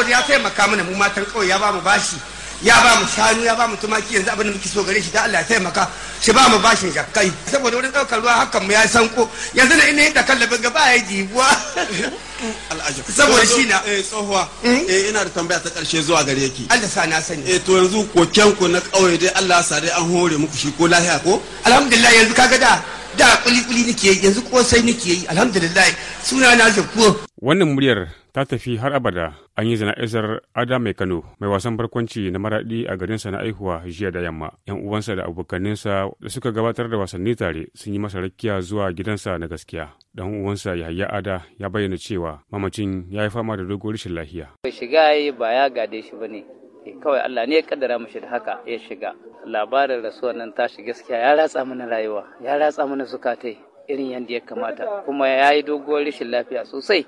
saboda ya taimaka mana mu matan kawai ya ba mu bashi ya ba mu shanu ya ba mu tumaki yanzu abin da muke so gare shi da Allah ya taimaka shi ba mu bashin jakkai saboda wurin daukar ruwa hakan mu ya sanko yanzu ne ina yadda kallabin ga ba ya jibuwa al'ajab saboda shi na eh tsohuwa hmm? eh ina da tambaya ta karshe zuwa gare ki Allah sa na sani eh to yanzu kokenku na kauye dai Allah sa dai an hore muku shi ko lahiya ko alhamdulillah yanzu kaga da da kuli-kuli nake yi yanzu sai nake yi alhamdulillah suna na zakko wannan muryar ta tafi har abada an yi jana'izar ada mai kano mai wasan barkwanci na maraɗi a garinsa na aihuwa jiya da yamma yan uwansa da abokaninsa da suka gabatar da wasanni tare sun yi masa rakiya zuwa gidansa na gaskiya dan uwansa yahaya ada ya bayyana cewa mamacin ya yi fama da dogon rashin lafiya shiga ba ya gade shi ba ne. Eh, kawai Allah ne ya kaddara mashi da haka ya shiga labarin rasuwar nan tashi gaskiya ya ratsa mana rayuwa ya ratsa mana zukatai irin yadda ya kamata kuma ya yi doguwar rashin lafiya sosai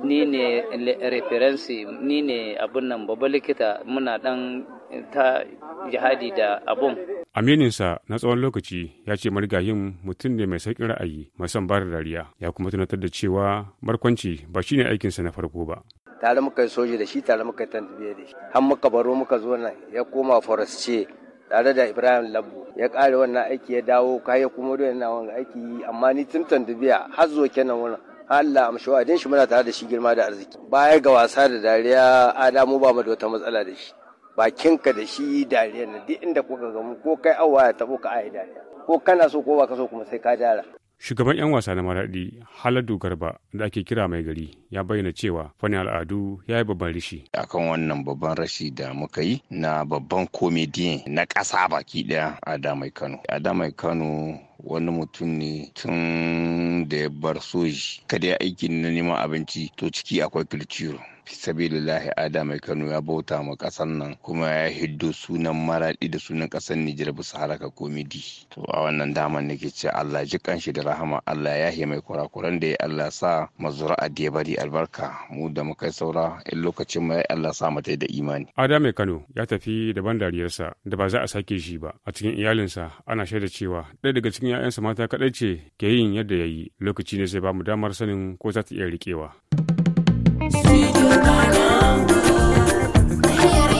ni ne referensi ni ne abin nan babban likita muna dan ta jihadi da abun amininsa na tsawon lokaci ya ce marigayin mutum ne mai sauƙin ra'ayi mai son ba da dariya ya kuma tunatar da cewa barkwanci ba shine aikinsa na farko ba tare muka yi soji da shi tare muka yi tantabiya da shi har muka baro muka zo nan ya koma ce tare da ibrahim labu ya kare wannan aiki ya dawo ya kuma da yana wani aiki amma ni tun tantabiya har zuwa kenan wannan Allah amshi din shi muna tare da shi girma da arziki baya ga wasa da dariya adamu ba mu da wata matsala da shi bakinka da shi dariya na duk inda kuka gamu ko kai awa ya tabo ka ayi dariya ko kana so ko ba ka so kuma sai ka dara Shugaban 'yan wasa na maraɗi Haladu Garba da ake kira mai gari ya bayyana cewa fani al'adu ya yi babban rishi. Akan wannan babban rashi da muka yi na babban komediyan na ƙasa baki ɗaya a damai Kano. A mai Kano wani mutum ne tun da ya bar soji kada ya aikin na neman abinci to ciki akwai kirciro. fisabilillahi ada mai kano ya bauta ma kasan nan kuma ya hiddo sunan maraɗi da sunan kasan nijar bisa haraka komidi to a wannan daman nake ce allah ji kanshi da rahama allah ya hi mai kurakuran da ya allah sa mazura'a da ya bari albarka mu da mu kai saura in lokacin mu ya allah sa mata da imani ada mai kano ya tafi da ban dariyarsa da ba za a sake shi ba a cikin iyalinsa ana shaida cewa ɗaya daga cikin 'ya'yansa mata kaɗai ce ke yin yadda ya yi lokaci ne sai ba mu damar sanin ko za ta iya riƙewa You no, no,